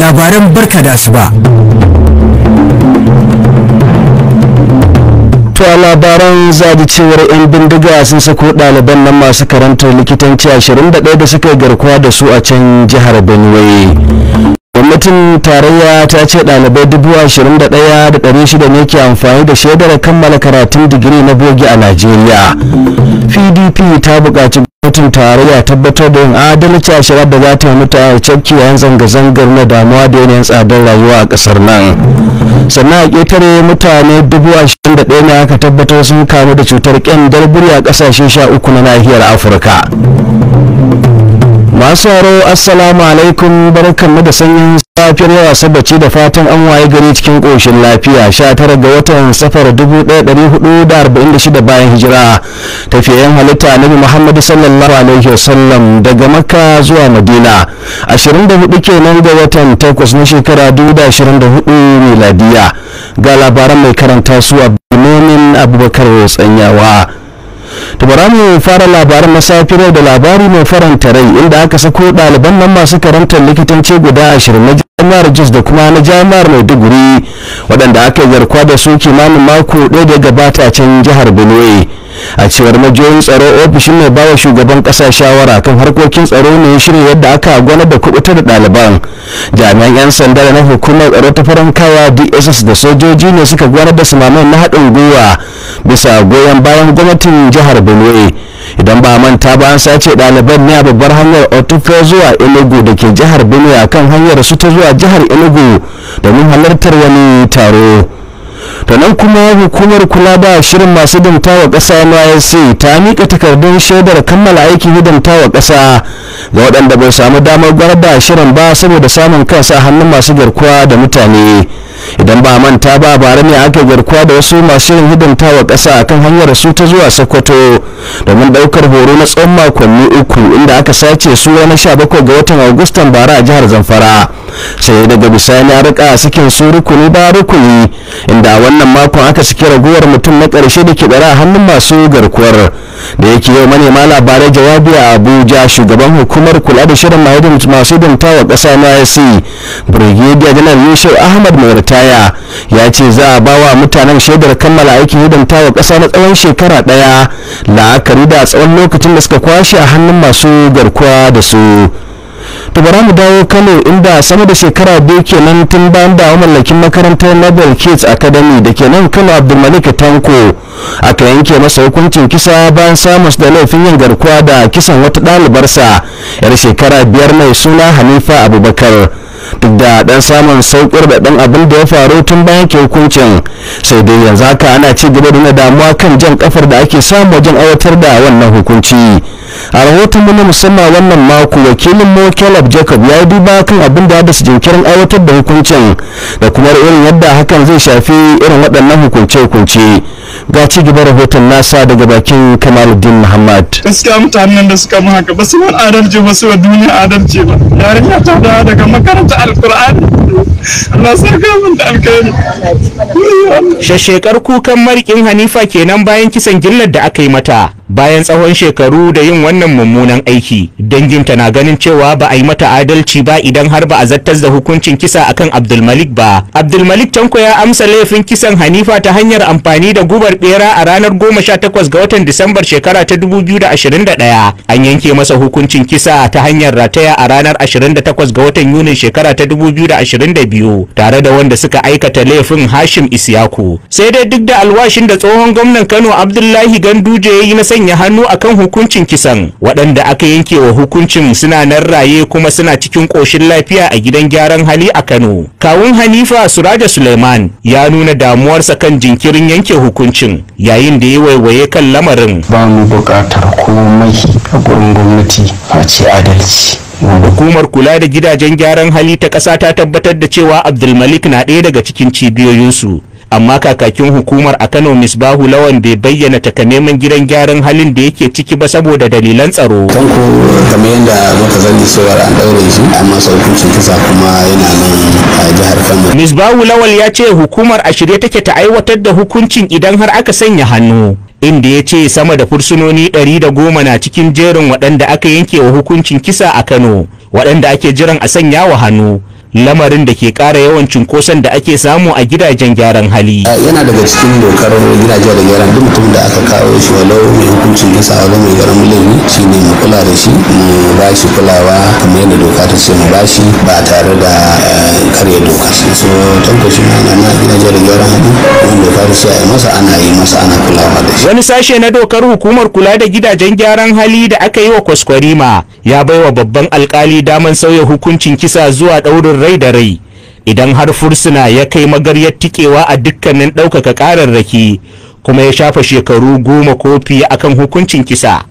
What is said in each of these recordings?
labaran barka da ba. a labaran zaji cewar 'yan bindiga sun sako ɗaliban nan masu karantar likitanci 21 da suka garkuwa da su a can jihar benue gwamnatin tarayya ta ce ɗalibai dubu ashirin da da ɗaya ɗari shida ne ke amfani da shaidar kammala karatun digiri na bogi a najeriya pdp ta buƙaci gwamnatin tarayya tabbatar da yin adalci a shirar da za ta yi mutane cakki yayin zanga-zangar na damuwa da yanayin tsadar rayuwa a kasar nan sannan a ƙetare mutane dubu ashirin da ɗaya ne aka tabbatar sun kamu da cutar ƙyandar biri a ƙasashe sha uku na nahiyar afirka masu haro assalamu alaikum barkanmu da sanyin safiyar yawa sabbaci da fatan an waye gari cikin koshin lafiya 19 ga watan safar 1446 bayan hijira tafiyayen halitta nabi muhammad sallallahu alaihi wasallam daga makka zuwa madina 24 kenan ga watan 8 na shekara 2024 miladiya ga labaran mai karanta su a abubakar tsanyawa to bara mu fara labarin na da labari mai faranta rai inda aka sako ɗaliban nan masu karantar likitanci guda ashirin na jami'ar jos da kuma na jami'ar maiduguri waɗanda aka yi yarkwa da su kimanin mako ɗaya da gabata can jihar benue a cewar majiyoyin tsaro ofishin mai bawa shugaban kasa shawara kan harkokin tsaro ne shirin yadda aka gwana da kubutar da ɗaliban jami'an 'yan sanda da na hukumar tsaro ta farankawa dss da sojoji ne suka gwana da sumaman na haɗin gwiwa bisa goyon bayan gwamnatin jihar benue idan ba manta ba an sace ɗaliban ne a babbar hanyar otufe zuwa enugu da ke jihar benue kan hanyar su ta zuwa jihar enugu domin halartar wani taro nan kuma hukumar kula da shirin masu kasa ƙasa nysc ta miƙa takardun shaidar kammala aikin wa ƙasa ga waɗanda bai samu damar gwar da shirin ba saboda samun kansa hannun masu garkuwa da mutane idan ba manta ba bara ne aka garkuwa da wasu masu yin hidimta wa ƙasa akan hanyar su ta zuwa sokoto domin ɗaukar horo na tsawon makonni uku inda aka sace su ranar 17 ga watan agustan bara a jihar zamfara sai daga bisani a rika sakin su rukuni ba rukuni inda wannan makon aka saki raguwar mutum na ƙarshe da ke a hannun masu garkuwar da yake yau manema labarai jawabi a abuja shugaban hukumar kula da shirin masu hidimta wa ƙasa na yasi e, brigadier janar yusuf ahmad mai ritaya ya ce za a ba wa mutanen shaidar kammala aikin hidimta wa ƙasa na tsawon shekara ɗaya la'akari da tsawon lokacin da suka kwashe a hannun masu garkuwa da su to bara mu dawo kano inda sama da shekara biyu kenan tun bayan da mallakin makarantar nobel kids academy da ke nan kano abdulmalik tanko aka yanke masa hukuncin kisa bayan samus da laifin yin garkuwa da kisan wata ɗalibarsa yar shekara biyar mai suna hanifa abubakar duk da dan samun saukar da dan abin da ya faru tun bayan ke hukuncin sai dai yanzu haka ana ci gaba da damuwa kan jan kafar da ake samu wajen aiwatar da wannan hukunci a rahoton mu na musamman wannan mako wakilin mu Caleb Jacob ya duba kan abin da su jinkirin aiwatar da hukuncin da kuma irin yadda hakan zai shafi irin waɗannan hukunce-hukunce ga ci gaba rahoton nasa daga bakin Kamaluddin Muhammad gaskiya mutanen da suka mu haka ba su wani adalci ba su wa duniya adalci ba yarinya ta da daga makaranta alkur'ani min da shashekar kukan marikin hanifa kenan bayan kisan gillar da aka yi mata bayan tsawon shekaru da yin wannan mummunan aiki danginta na ganin cewa ba a yi mata adalci ba idan har ba a zattas da hukuncin kisa akan abdulmalik ba abdulmalik tanko ya amsa laifin kisan hanifa ta hanyar amfani da gubar bera a ranar 18 ga watan disambar shekara ta 2021 an yanke masa hukuncin kisa ta hanyar rataya a ranar 28 ga watan yunin shekara ta 2022 tare da wanda suka aikata laifin hashim isyaku sai dai duk da alwashin da tsohon gwamnan kano abdullahi ganduje ya yi na sanya hannu akan hukuncin kisan waɗanda aka yanke wa hukuncin suna nan raye kuma suna cikin ƙoshin lafiya a gidan gyaran hali a Kano. Kawun Hanifa Suraja Suleiman ya nuna damuwarsa kan jinkirin yanke hukuncin yayin da ya waiwaye kan lamarin. Ba mu buƙatar komai a gurin gwamnati face adalci. Hukumar kula da gidajen gyaran hali ta ƙasa ta tabbatar da cewa Abdulmalik na ɗaya daga cikin cibiyoyinsu amma kakakin hukumar a Kano Misbahu Lawan bai bayyana takamaiman gidan gyaran halin da yake ciki ba saboda dalilan tsaro. Tanko kamar yadda muka sani cewar an daure shi amma saukuncin kisa kuma yana nan a jihar Kano. Misbahu Lawal ya ce hukumar a shirye take ta aiwatar da hukuncin idan har aka sanya hannu. inda ya ce sama da fursunoni ɗari da goma na cikin jerin waɗanda aka yanke wa hukuncin kisa a Kano waɗanda ake jiran a sanya wa hannu lamarin da ke ƙara yawan cunkoson da ake samu a gidajen gyaran hali. Eh, yana daga cikin dokar gidajen da gyaran duk mutum da aka kawo shi walau mai hukuncin kisa a mai garin laifi shi ne mu kula da shi mu ba shi kulawa kamar yadda doka ta ce mu ba shi ba tare da eh, karya doka. so tabbashi ma na gidajen da gyaran hali wanda doka ta ce a masa ana yi masa ana kulawa da shi. wani sashe na dokar hukumar kula da gidajen gyaran hali da aka yi wa kwaskwarima ya baiwa babban alkali daman sauya hukuncin kisa zuwa ɗaurin rai da rai idan har fursuna ya kai magaryar tikewa a dukkanin ɗaukaka ƙararraki kuma ya shafa shekaru goma ko fiye akan hukuncin kisa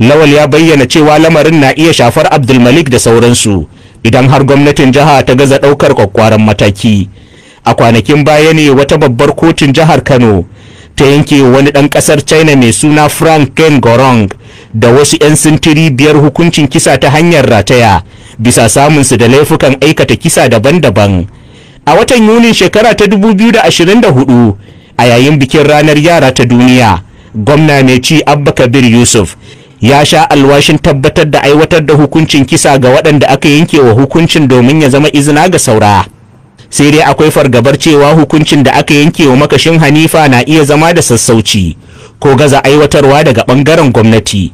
lawal ya bayyana cewa lamarin na iya shafar abdulmalik da sauransu idan har gwamnatin jiha ta gaza ɗaukar kwakwaran mataki a kwanakin baya ne wata babbar kotun jihar kano ta yanke wani ɗan ƙasar china mai suna frank ken gorong da wasu 'yan sintiri biyar hukuncin kisa ta hanyar rataya bisa samunsu da laifukan aikata kisa daban-daban a watan yunin shekara ta 2024 a yayin bikin ranar yara ta duniya gwamna mai ci abba kabir yusuf ya sha alwashin tabbatar da aiwatar da hukuncin kisa ga waɗanda aka yanke wa hukuncin domin ya zama izina ga saura sai dai akwai fargabar cewa hukuncin da aka yanke wa makashin hanifa na iya zama da sassauci ko gaza aiwatarwa daga ɓangaren gwamnati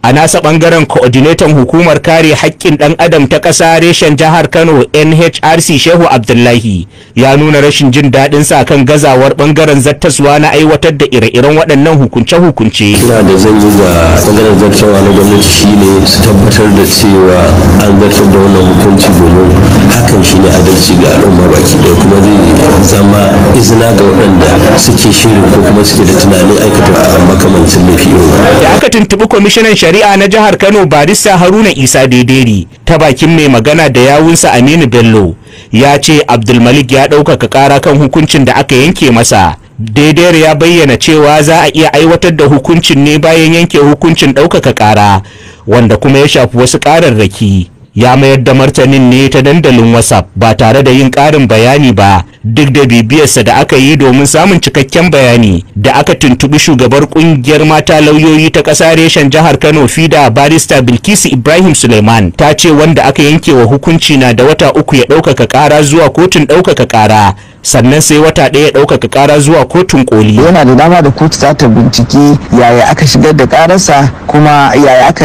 a nasa bangaren coordinator hukumar kare haƙƙin ɗan adam ta ƙasa reshen jihar kano nhrc shehu abdullahi ya nuna rashin jin daɗin sa kan gazawar bangaren zattaswa na aiwatar da ire-iren waɗannan hukunce-hukunce ina da zan yi ga bangaren zattaswa na gwamnati shine su tabbatar da cewa an zartar da wannan hukunci domin hakan shine adalci ga al'umma baki ɗaya kuma zai zama izina ga waɗanda suke shirin ko kuma suke da tunanin aikata makamancin laifi da aka tuntuɓi kwamishinan shari'a shari'a na jihar Kano barista Haruna Isa Dederi ta bakin mai magana da yawunsa Aminu Bello ya ce Abdulmalik ya ɗaukaka ƙara kan hukuncin da aka yanke masa. Dederi ya bayyana cewa za a iya aiwatar da hukuncin ne bayan yanke hukuncin ɗaukaka ƙara wanda kuma ya shafi wasu ƙararraki. Ya mayar da martanin ne ta dandalin WhatsApp ba tare da yin ƙarin bayani ba duk da bibiyarsa da aka yi domin samun cikakken bayani da aka tuntubi shugabar kungiyar mata lauyoyi ta ƙasa reshen jihar kano fida barista bilkisu ibrahim suleiman ta ce wanda aka yanke wa hukunci na da wata uku ya ɗaukaka ƙara zuwa kotun ɗaukaka ƙara sannan sai wata ɗaya ya ɗaukaka ƙara zuwa kotun koli yana da dama da kotu za ta binciki yaya aka shigar da ƙararsa kuma yaya aka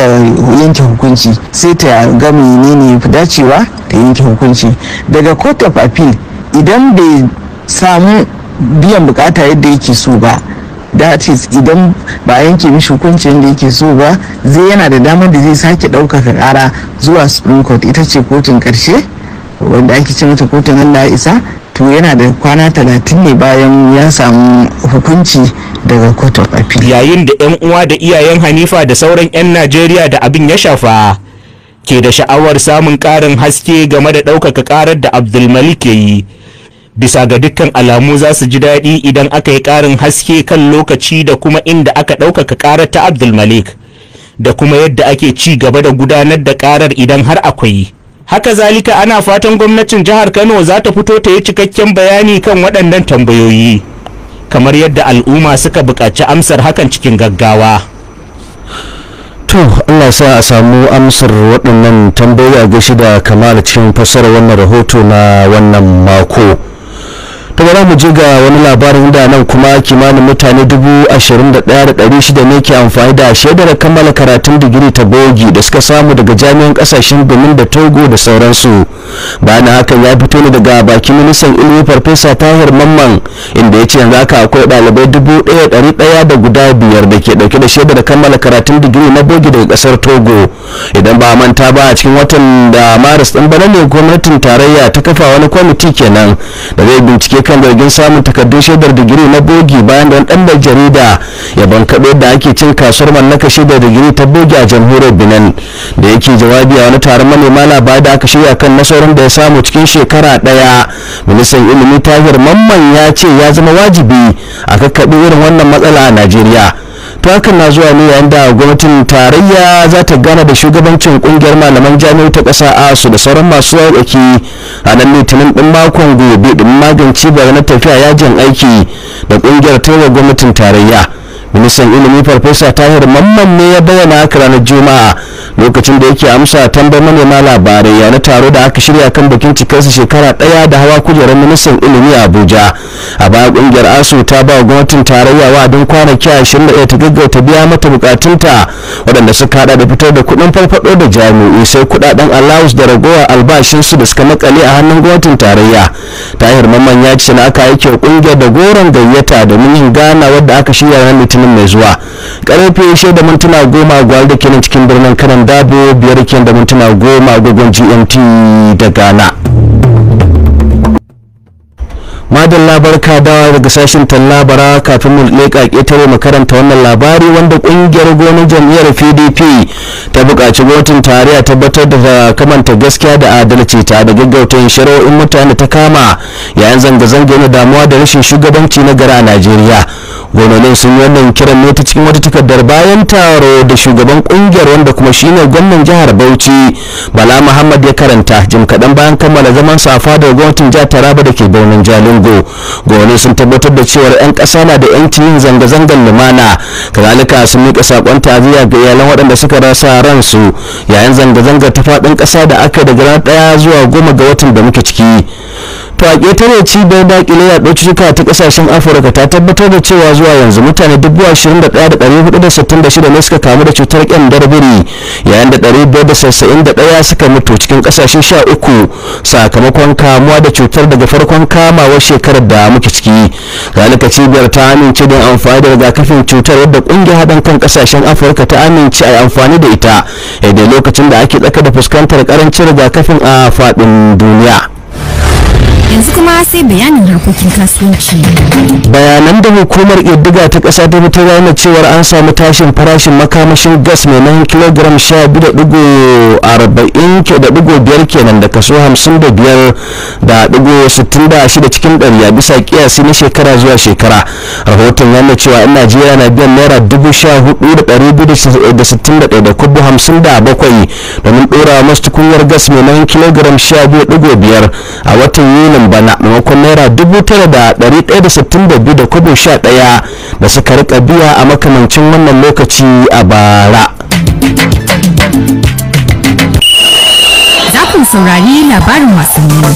yanke hukunci sai ta ga menene dacewa ta yanke hukunci daga court of appeal idan bai samu biyan bukata yadda yake so ba that is idan ba yanke mishi hukuncin da yake so ba zai yana da damar da zai sake ɗaukaka kara zuwa supreme court ita ce kotun karshe wanda ake ce mata kotun allah isa to yana da kwana talatin ne bayan ya samu hukunci daga court of appeal yayin da yan uwa da iyayen hanifa da sauran yan najeriya da abin ya shafa ke da sha'awar samun ƙarin haske game da ɗaukaka ƙarar da abdulmalik ya yi bisa ga dukkan alamu za su ji daɗi idan aka yi ƙarin haske kan lokaci da kuma inda aka ɗaukaka ƙarar ta abdulmalik da kuma yadda ake ci gaba da gudanar da ƙarar idan har akwai haka zalika ana fatan gwamnatin jihar kano za ta fito ta yi cikakken bayani kan waɗannan tambayoyi kamar yadda al'umma suka buƙaci amsar hakan cikin gaggawa to Allah sa a samu amsar waɗannan tambayoyi a gashi da kamar cikin fassara wannan rahoto na wannan mako. ta za mu je ga wani labarin da nan kuma kimanin mutane dubu ashirin da ɗari shida ne ke amfani da shaidar kammala karatun digiri ta bogi da suka samu daga jami'an ƙasashen benin da togo da sauransu ba na hakan ya fito ne daga bakin ministan ilimi farfesa tahir mamman inda ya ce yanzu haka akwai ɗalibai dubu ɗaya ɗari daya da guda biyar da ke ɗauke da shaidar kammala karatun digiri na bogi daga kasar togo idan ba manta ba a cikin watan da maris ɗin bana ne gwamnatin tarayya ta kafa wani kwamiti kenan da zai bincike kan zargin samun takardun shaidar digiri na bogi bayan da ɗan da jarida ya bankaɗo da ake cin kasuwar man na kashe da digiri ta bogi a jamhuriyar benin da yake jawabi a wani taron manema labarai da aka shirya kan nasarar nasarorin da ya samu cikin shekara daya ministan ilimi tahir mamman ya ce ya zama wajibi a kakkaɓi irin wannan matsala a najeriya to hakan na zuwa ne yayin da gwamnatin tarayya za ta gana da shugabancin kungiyar malaman jami'u ta ƙasa asu da sauran masu aiki a nan litinin din makon gobe domin magance barazanar tafiya yajin aiki da kungiyar taiwa gwamnatin tarayya ministan ilimi farfesa tahir mamman ne ya bayyana haka ranar juma'a lokacin da yake amsa tambayar manema labarai ya na taro da aka shirya kan bikin cikarsa shekara ɗaya da hawa kujerar ministan ilimi a abuja a baya kungiyar asu ta ba gwamnatin tarayya wa'adin kwanaki ashirin da ta gaggauta biya mata bukatunta waɗanda suka hada da fitar da kuɗin farfaɗo da jami'i sai kuɗaɗen allowance da ragowar albashinsu da suka makale a hannun gwamnatin tarayya tahir mamman ya ce na aka yake kungiyar da goron gayyata domin yin gana wadda aka shirya ranar birnin mai zuwa karfe shida da mintuna goma gwal da kenan cikin birnin kanan dabo biyar kenan da mintuna goma gogon gmt da ghana madan labarka dawa daga sashen tallabara kafin mu leƙa mu makaranta wannan labari wanda kungiyar gwamnatin jam'iyyar pdp ta buƙaci gwamnatin tarayya tabbatar da kamanta gaskiya da adalci ta da gaggauta yin shari'o'in mutane ta kama yayin zanga-zanga na damuwa da rashin shugabanci na gari a najeriya gwamnonin sun yi wannan kiran ne ta cikin wata takardar bayan taro da shugaban kungiyar wanda kuma shine gwamnan jihar bauchi bala muhammad ya karanta jim kaɗan bayan kammala zaman sa fadar gwamnatin jihar taraba da ke birnin jalingo gwamnoni sun tabbatar da cewa 'yan ƙasa na da 'yanci yin zanga-zangar lumana kazalika sun miƙa saƙon taziya ga iyalan waɗanda suka rasa ransu yayin zanga-zangar ta faɗin ƙasa da aka daga ranar ɗaya zuwa goma ga watan da muke ciki fage ta ne cibiyar dakile ɗauki cutuka ta kasashen afirka ta tabbatar da cewa zuwa yanzu mutane 21,466 ne suka kamu da cutar kyandar biri yayin da 591 suka mutu cikin kasashe 13 sakamakon kamuwa da cutar daga farkon kamawar shekarar da muke ciki galika cibiyar ta amince da amfani da rigakafin cutar yadda kungiyar haɗin kan kasashen afirka ta amince a yi amfani da ita da lokacin da ake tsaka da fuskantar karancin rigakafin a faɗin duniya yanzu kuma sai bayanin harkokin kasuwanci bayanan da hukumar ƙiddiga ta kasa ta fitar da cewar an samu tashin farashin makamashin gas mai nan kilogram 12.45 kenan da kaso 55.66 cikin ɗari a bisa kiyasi na shekara zuwa shekara rahoton nuna cewa yan najeriya na biyan naira 14,261 da kubu 57 domin dora masu tukunyar gas mai nan kilogram 12.5 a watan yuni farashin bana maimakon naira dubu tara da ɗari ɗaya da sittin da biyu da kobo sha ɗaya da suka rika biya a makamancin wannan lokaci a bara saurari labarin wasanni.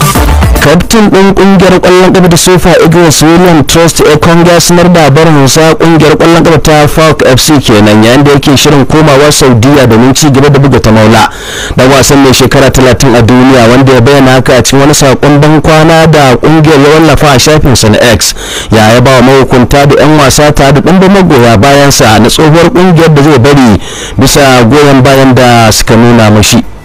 kaftin ɗin ƙungiyar ƙwallon ƙafa da sofa eagles william trust ekong ya sanar da barin wasa ƙungiyar ƙwallon ƙafa ta falk fc kenan yayin da yake shirin komawa saudiya domin ci gaba da buga ta maula dan wasan mai shekara talatin a duniya wanda ya bayyana haka a cikin wani saƙon ban kwana da ƙungiyar ya wallafa a shafin sa na x ya ba wa mahukunta da 'yan wasa ta da ɗumbin magoya bayansa na tsohuwar ƙungiyar da zai bari bisa goyon bayan da suka nuna mashi.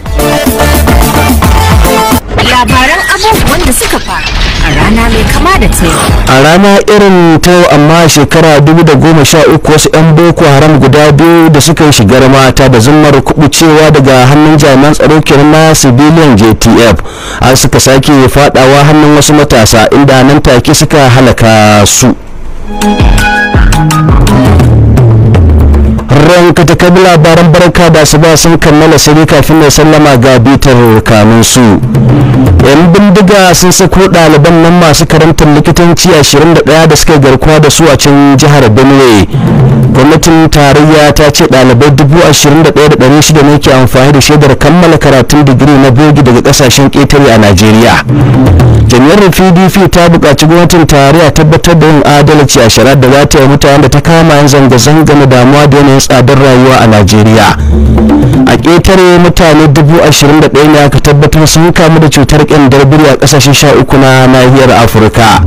labaran abubuwan da suka faru a rana mai kama da ta a rana irin ta amma shekara 2013 wasu 'yan boko haram guda biyu da suka yi shigar mata da zumar kubucewa daga hannun jami'an tsaro kenan na civilian jtf an suka sake fadawa hannun wasu matasa inda nan take suka halaka su sauraron ka labaran barka da su ba sun kammala sai kafin na sallama ga bitar kamun su yan bindiga sun sako ɗaliban nan masu karantar likitanci 21 da suka garkuwa da su a can jihar benue gwamnatin tarayya ta ce ɗalibai shida ne ke amfani da shaidar kammala karatun digiri na bogi daga ƙasashen ƙetare a najeriya jami'ar pdp ta buƙaci gwamnatin tarayya tabbatar da yin adalci a shari'ar da za ta yi mutane da ta kama yin zanga-zanga na damuwa da yanayin tsaro tsadar rayuwa a najeriya a ƙetare mutane dubu ɗaya ne aka tabbatar sun kamu da cutar ƙyandar biri a ƙasashen sha uku na nahiyar afirka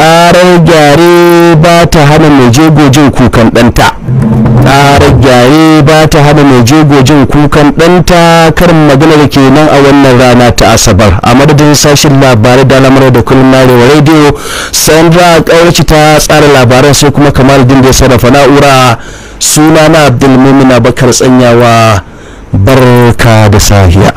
karar gyare ba ta hana mai jego jin kukan ɗanta karar gyare ba ta hana mai jego jin kukan ɗanta karin magana da ke nan a wannan rana ta asabar a madadin sashen labarai da lamar da kullum na rewa rediyo sandra ƙaurace ta tsara labaran sai kuma kamar din da ya sarrafa na'ura suna na abdulmumina bakar tsanyawa barka da sahiya